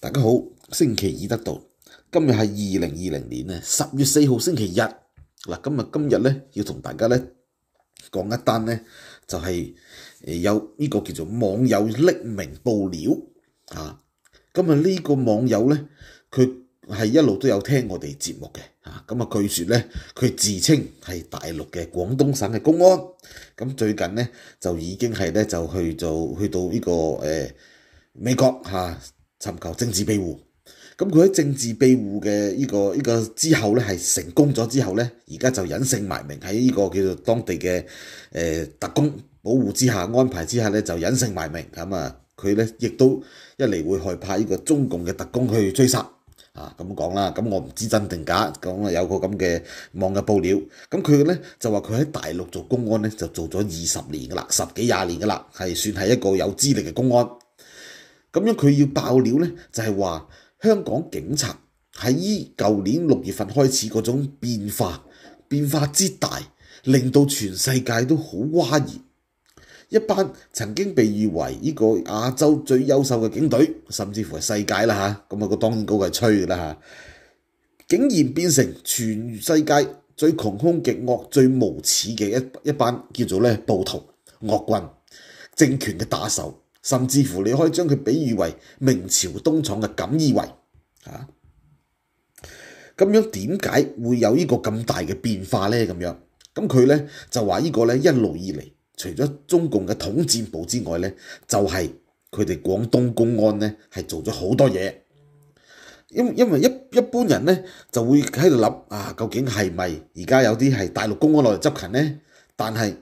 大家好，升旗易得道今日係二零二零年呢，十月四號星期日嗱，今日今日咧，要同大家咧講一單咧，就係誒有呢個叫做網友匿名報料啊，咁啊呢個網友咧，佢係一路都有聽我哋節目嘅吓，咁啊據說咧，佢自稱係大陸嘅廣東省嘅公安，咁最近咧就已經係咧就去做去到呢個誒美國吓。尋求政治庇護，咁佢喺政治庇護嘅呢個呢個之後呢，係成功咗之後呢，而家就隱姓埋名喺呢個叫做當地嘅誒特工保護之下安排之下呢，就隱姓埋名咁啊。佢呢亦都一嚟會害怕呢個中共嘅特工去追殺啊。咁講啦，咁我唔知真定假，咁啊有個咁嘅網嘅報料，咁佢呢就話佢喺大陸做公安呢，就做咗二十年噶啦，十幾廿年噶啦，係算係一個有資歷嘅公安。咁樣佢要爆料呢，就係話香港警察喺依舊年六月份開始嗰種變化，變化之大，令到全世界都好嘩然。一班曾經被譽為呢個亞洲最優秀嘅警隊，甚至乎係世界啦吓，咁啊個當然係吹嘅啦嚇，竟然變成全世界最窮兇極惡、最無恥嘅一一班叫做呢暴徒、惡棍、政權嘅打手。甚至乎你可以將佢比喻為明朝東廠嘅錦衣衞。嚇，咁樣點解會有呢個咁大嘅變化呢？咁樣咁佢呢就話呢個呢一路以嚟，除咗中共嘅統戰部之外呢，就係佢哋廣東公安呢係做咗好多嘢。因因為一一般人呢就會喺度諗啊，究竟係咪而家有啲係大陸公安落嚟執勤呢？但係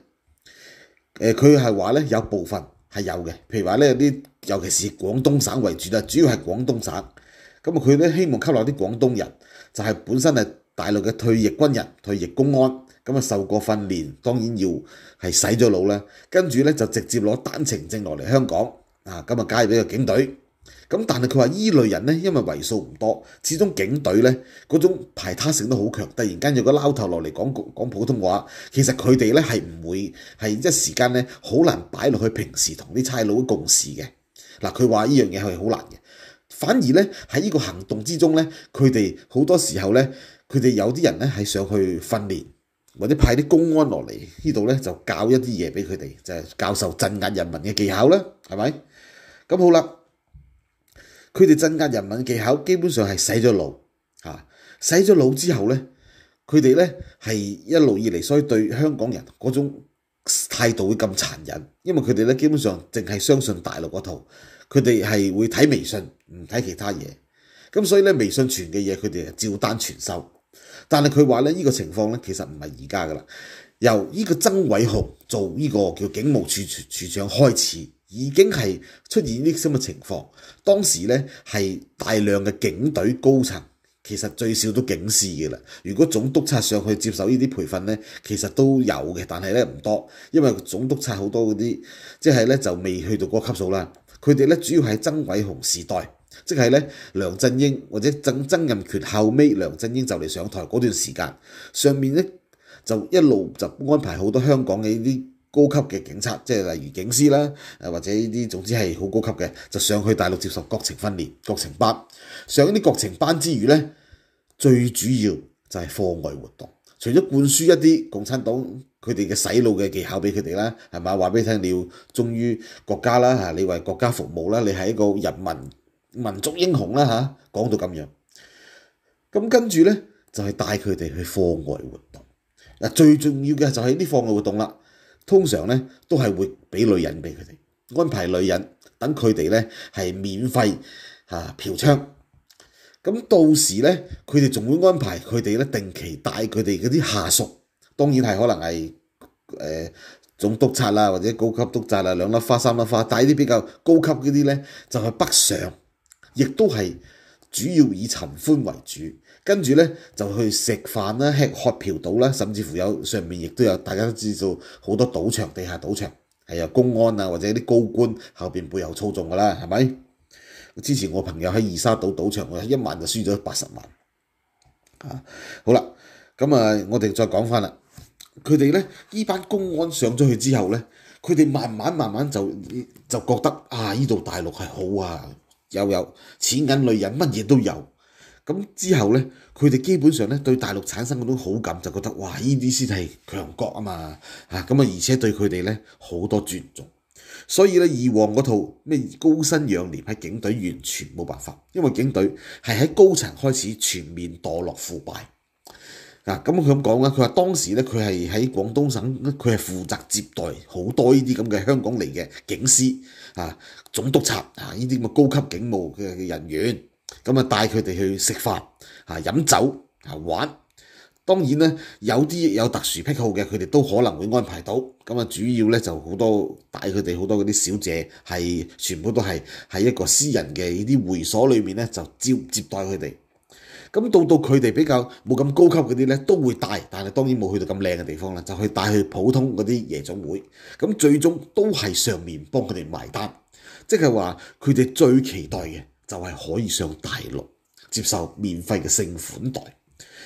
佢係話呢有部分。係有嘅，譬如話咧，啲尤其是廣東省為主啦，主要係廣東省，咁啊佢咧希望吸納啲廣東人，就係本身係大陸嘅退役軍人、退役公安，咁啊受過訓練，當然要係洗咗腦啦，跟住咧就直接攞單程證落嚟香港，啊咁啊加入呢個警隊。咁但係佢話依類人咧，因為為數唔多，始終警隊咧嗰種排他性都好強。突然間有個撈頭落嚟講講普通話，其實佢哋咧係唔會係一時間咧好難擺落去平時同啲差佬嘅共事嘅。嗱，佢話呢樣嘢係好難嘅。反而咧喺呢個行動之中咧，佢哋好多時候咧，佢哋有啲人咧係上去訓練，或者派啲公安落嚟呢度咧就教一啲嘢俾佢哋，就係教授鎮壓人民嘅技巧啦，係咪？咁好啦。佢哋增加人文技巧，基本上係洗咗腦，嚇，洗咗腦之後呢，佢哋呢係一路以嚟，所以對香港人嗰種態度會咁殘忍，因為佢哋呢基本上淨係相信大陸嗰套，佢哋係會睇微信，唔睇其他嘢，咁所以呢，微信傳嘅嘢，佢哋係照單全收。但係佢話呢，呢個情況呢，其實唔係而家㗎喇。由呢個曾偉雄做呢個叫警務處處長開始，已經係出現呢啲咁嘅情況。當時呢係大量嘅警隊高層，其實最少都警司嘅啦。如果總督察上去接受呢啲培訓呢，其實都有嘅，但係呢唔多，因為總督察好多嗰啲即係呢就未去到嗰個級數啦。佢哋呢主要係曾偉雄時代，即係呢梁振英或者曾曾蔭權後尾，梁振英就嚟上台嗰段時間上面呢。就一路就安排好多香港嘅呢啲高級嘅警察，即係例如警司啦，誒或者呢啲，總之係好高級嘅，就上去大陸接受國情訓練、國情班。上呢啲國情班之餘咧，最主要就係課外活動，除咗灌輸一啲共產黨佢哋嘅洗腦嘅技巧俾佢哋啦，係咪話俾你聽，你要忠於國家啦嚇，你為國家服務啦，你係一個人民民族英雄啦嚇，講到咁樣。咁跟住咧就係帶佢哋去課外活。最重要嘅就係呢方面嘅活動啦，通常呢都係會俾女人俾佢哋安排女人等佢哋呢係免費嫖娼，咁到時呢，佢哋仲會安排佢哋呢定期帶佢哋嗰啲下屬，當然係可能係誒總督察啦或者高級督察啦，兩粒花三粒花，帶啲比較高級嗰啲呢就係北上，亦都係主要以尋歡為主。跟住呢，就去食飯啦、吃喝嫖賭啦，甚至乎有上面亦都有大家都知道好多賭場、地下賭場，係有公安啊或者啲高官後面背後操縱噶啦，係咪？之前我朋友喺二沙島賭場，我一晚就輸咗八十萬。好啦，咁啊，我哋再講翻啦。佢哋呢，呢班公安上咗去之後呢，佢哋慢慢慢慢就就覺得啊，呢度大陸係好啊，又有，有錢銀女人乜嘢都有。咁之後呢，佢哋基本上呢對大陸產生嗰種好感，就覺得哇！呢啲先係強國啊嘛，咁啊！而且對佢哋呢好多尊重，所以呢，以往嗰套咩高薪養廉喺警隊完全冇辦法，因為警隊係喺高層開始全面墮落腐敗。咁佢咁講啦，佢話當時呢，佢係喺廣東省，佢係負責接待好多呢啲咁嘅香港嚟嘅警司啊、總督察啊呢啲咁嘅高級警務嘅人員。咁啊，帶佢哋去食飯、飲酒、玩。當然咧，有啲有特殊癖好嘅，佢哋都可能會安排到。咁啊，主要咧就好多帶佢哋好多嗰啲小姐，係全部都係喺一個私人嘅呢啲會所裏面咧，就接接待佢哋。咁到到佢哋比較冇咁高級嗰啲咧，都會帶，但係當然冇去到咁靚嘅地方啦，就去帶去普通嗰啲夜總會。咁最終都係上面幫佢哋埋單，即係話佢哋最期待嘅。就係可以上大陸接受免費嘅性款待，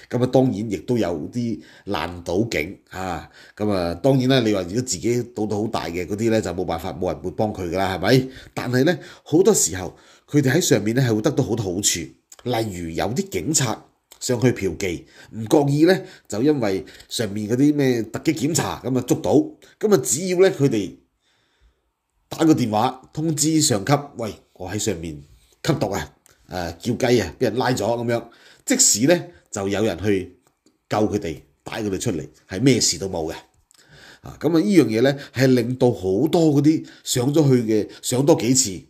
咁啊當然亦都有啲爛賭警啊，咁啊當然啦，你話如果自己賭到好大嘅嗰啲咧就冇辦法，冇人會幫佢噶啦，係咪？但係咧好多時候，佢哋喺上面咧係會得到好多好處，例如有啲警察上去嫖妓，唔覺意咧就因為上面嗰啲咩突擊檢查咁啊捉到，咁啊只要咧佢哋打個電話通知上級，喂我喺上面。吸毒啊！誒叫雞啊，俾人拉咗咁樣。即使咧就有人去救佢哋，帶佢哋出嚟，係咩事都冇嘅。啊，咁啊呢樣嘢咧係令到好多嗰啲上咗去嘅上多幾次，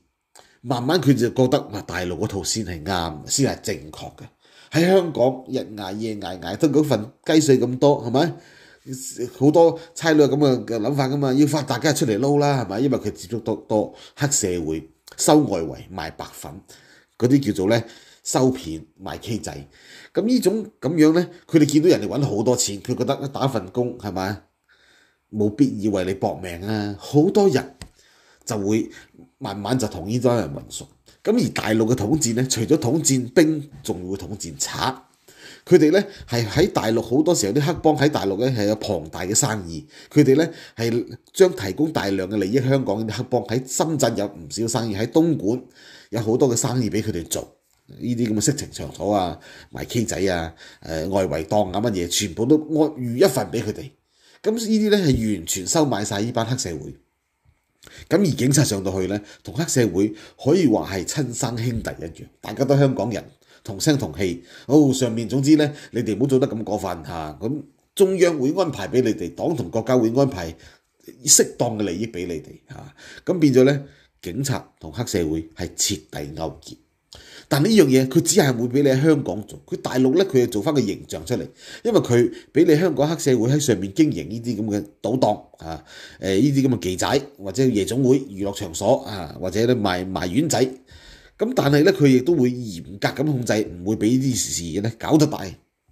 慢慢佢就覺得哇，大陸嗰套先係啱，先係正確嘅。喺香港日捱夜捱，捱得嗰份雞碎咁多，係咪？好多差佬咁嘅諗法噶嘛，要發達梗係出嚟撈啦，係咪？因為佢接觸到多黑社會。收外圍賣白粉，嗰啲叫做咧收片賣 K 仔，咁呢種咁樣咧，佢哋見到人哋搵好多錢，佢覺得打一打份工係咪冇必要為你搏命啊，好多人就會慢慢就同呢多人混熟。咁而大陸嘅統戰咧，除咗統戰兵，仲會統戰賊。佢哋咧係喺大陸好多時候啲黑幫喺大陸咧係有龐大嘅生意，佢哋咧係將提供大量嘅利益，香港啲黑幫喺深圳有唔少生意，喺東莞有好多嘅生意俾佢哋做，呢啲咁嘅色情場所啊、埋 K 仔啊、誒外圍檔啊乜嘢，全部都按預一份俾佢哋。咁呢啲咧係完全收買晒呢班黑社會。咁而警察上到去咧，同黑社會可以話係親生兄弟一樣，大家都香港人。同聲同氣，哦，上面總之咧，你哋唔好做得咁過分嚇，咁中央會安排俾你哋，黨同國家會安排適當嘅利益俾你哋嚇，咁變咗咧，警察同黑社會係徹底勾結，但呢樣嘢佢只係會俾你喺香港做，佢大陸咧佢又做翻個形象出嚟，因為佢俾你香港黑社會喺上面經營呢啲咁嘅賭檔啊，誒呢啲咁嘅妓仔或者夜總會娛樂場所啊，或者咧賣賣丸仔。咁但係咧，佢亦都會嚴格咁控制，唔會俾呢啲事咧搞得大，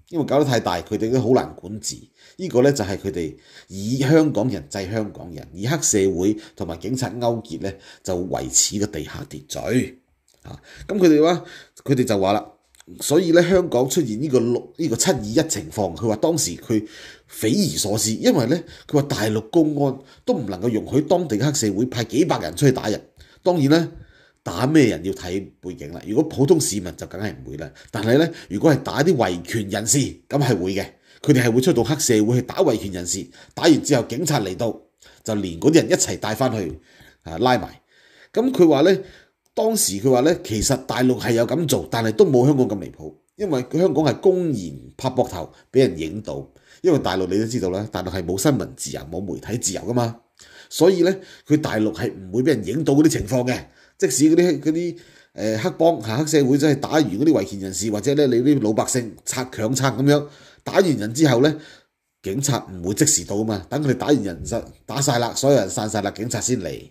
因為搞得太大，佢哋都好難管治。呢個咧就係佢哋以香港人制香港人，以黑社會同埋警察勾結咧，就維持個地下秩序。嚇，咁佢哋話，佢哋就話啦，所以咧香港出現呢個六、呢個七二一情況，佢話當時佢匪夷所思，因為咧佢話大陸公安都唔能夠容許當地嘅黑社會派幾百人出去打人。當然咧。打咩人要睇背景啦。如果普通市民就梗係唔會啦，但係咧，如果係打啲維權人士，咁係會嘅。佢哋係會出到黑社會去打維權人士，打完之後警察嚟到，就連嗰啲人一齊帶翻去啊，拉埋。咁佢話咧，當時佢話咧，其實大陸係有咁做，但係都冇香港咁離譜，因為香港係公然拍膊頭俾人影到，因為大陸你都知道啦，大陸係冇新聞自由，冇媒體自由噶嘛，所以咧佢大陸係唔會俾人影到嗰啲情況嘅。即使嗰啲啲誒黑幫嚇黑社會真係打完嗰啲維權人士，或者咧你啲老百姓拆強拆咁樣打完人之後咧，警察唔會即時到啊嘛，等佢哋打完人就打晒啦，所有人散晒啦，警察先嚟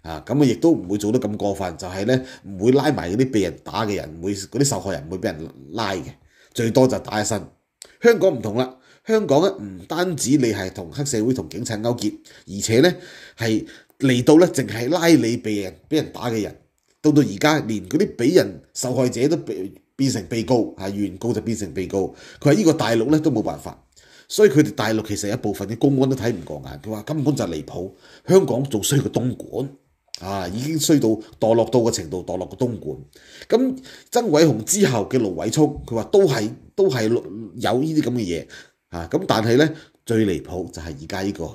啊，咁啊亦都唔會做得咁過分，就係咧唔會拉埋嗰啲被人打嘅人，唔會嗰啲受害人唔會俾人拉嘅，最多就打一身。香港唔同啦，香港咧唔單止你係同黑社會同警察勾結，而且咧係。嚟到咧，淨係拉你俾人俾人打嘅人，到到而家連嗰啲俾人受害者都變變成被告，啊原告就變成被告。佢話呢個大陸咧都冇辦法，所以佢哋大陸其實一部分嘅公安都睇唔過眼。佢話根本就離譜，香港仲衰過東莞啊，已經衰到墮落到個程度，墮落到東莞。咁曾偉雄之後嘅盧偉聰，佢話都係都係有呢啲咁嘅嘢啊。咁但係咧最離譜就係而家呢個。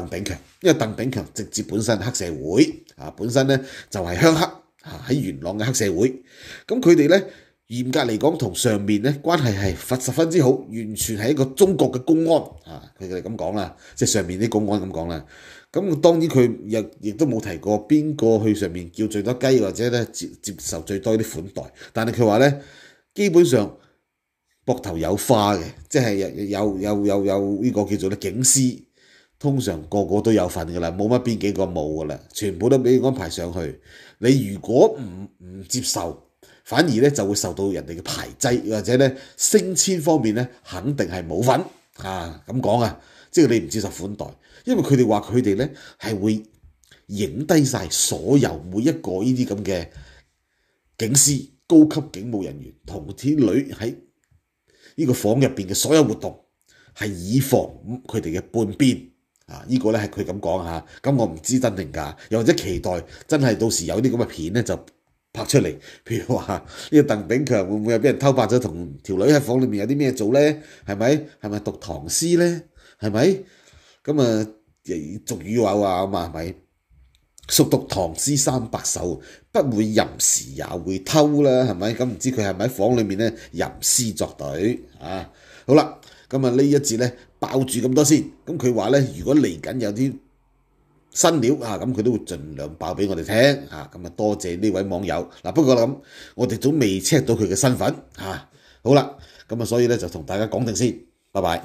鄧炳強，因為鄧炳強直接本身黑社會啊，本身咧就係鄉黑啊，喺元朗嘅黑社會，咁佢哋咧嚴格嚟講同上面咧關係係佛十分之好，完全係一個中國嘅公安啊，佢哋咁講啦，即係上面啲公安咁講啦，咁當然佢亦亦都冇提過邊個去上面叫最多雞，或者咧接接受最多啲款待，但係佢話咧基本上膊頭有花嘅，即係有有有有呢個叫做咧警司。通常個個都有份噶啦，冇乜邊幾個冇噶啦，全部都俾安排上去。你如果唔唔接受，反而咧就會受到人哋嘅排擠，或者咧升遷方面咧肯定係冇份啊咁講啊！即係你唔接受款待，因為佢哋話佢哋咧係會影低晒所有每一個呢啲咁嘅警司、高級警務人員同天女喺呢個房入面嘅所有活動，係以防佢哋嘅叛變啊！依個咧係佢咁講嚇，咁我唔知真定假，又或者期待真係到時有啲咁嘅片咧就拍出嚟。譬如話呢個鄧炳強會唔會又俾人偷拍咗同條女喺房裏面有啲咩做咧？係咪？係咪讀唐詩咧？係咪？咁啊，俗語話啊嘛，係咪？熟讀唐詩三百首，不會吟詩也會偷啦，係咪？咁唔知佢係咪喺房裏面咧吟詩作對啊？好啦。咁今日呢一節咧爆住咁多先，咁佢話咧，如果嚟緊有啲新料啊，咁佢都會盡量爆俾我哋聽。咁啊，多謝呢位網友嗱，不過咁我哋都未 check 到佢嘅身份，好啦，咁啊所以咧就同大家講定先，拜拜。